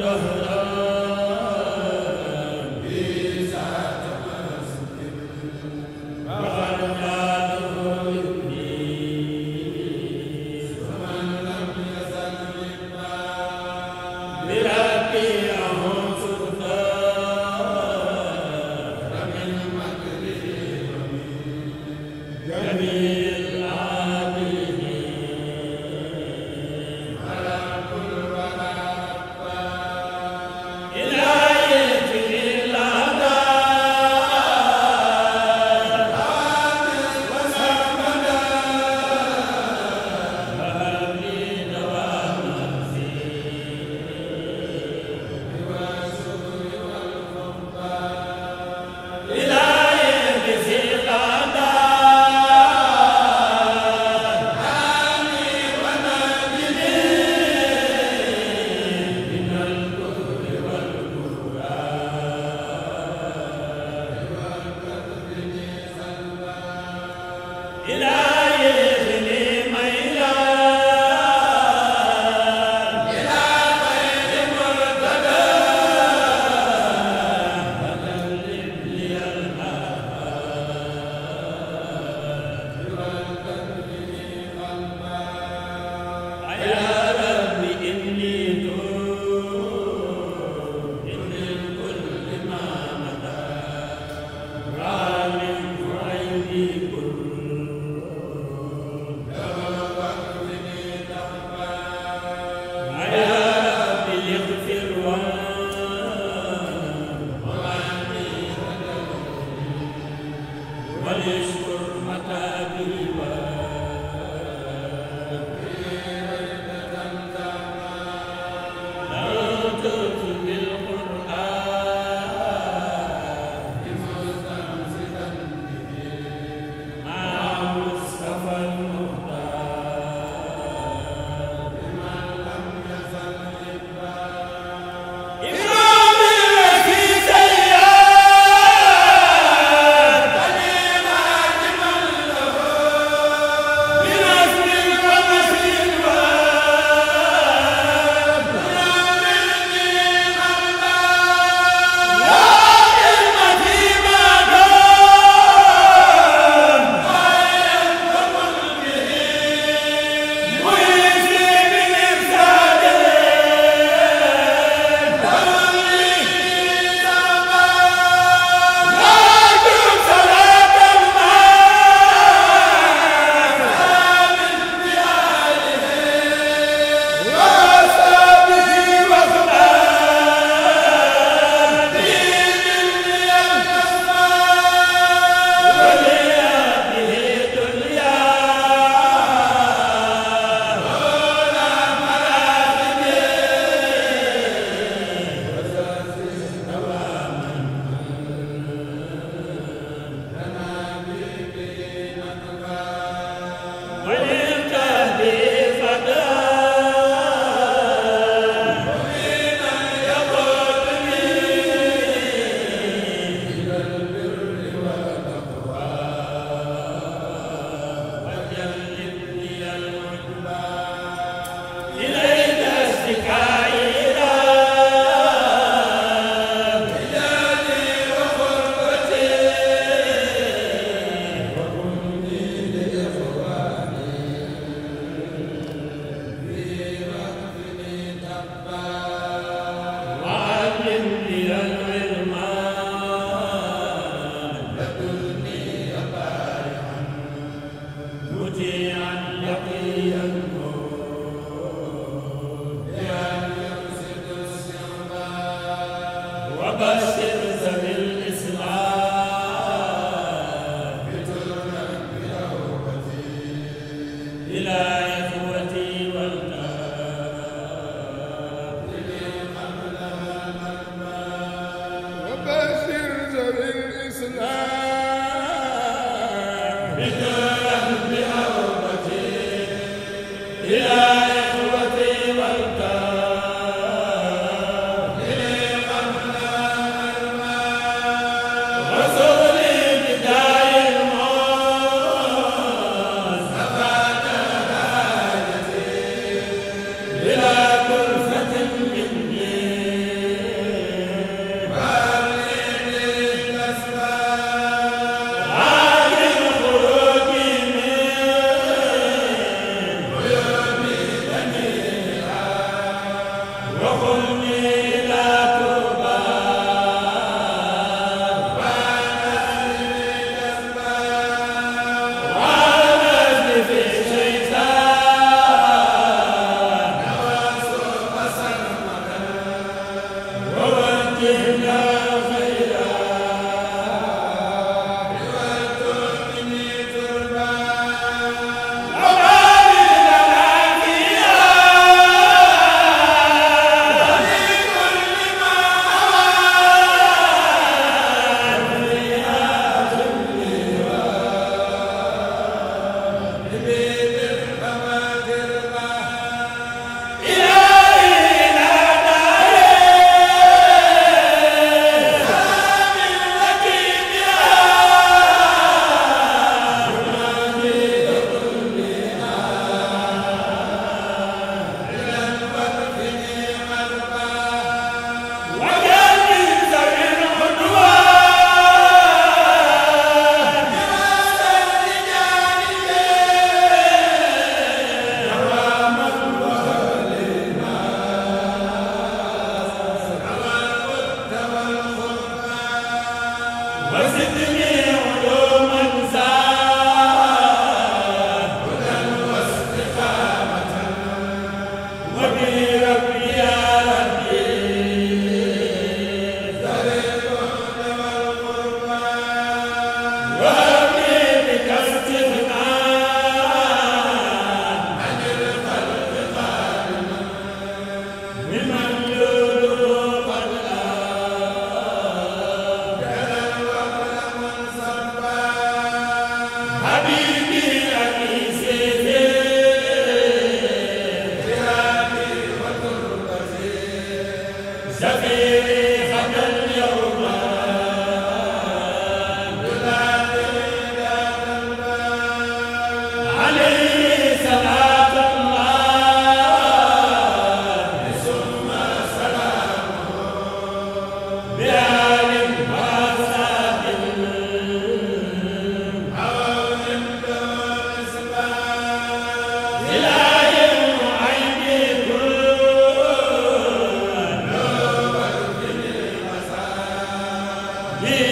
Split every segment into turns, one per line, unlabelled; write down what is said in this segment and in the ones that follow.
له Yeah.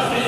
Amen.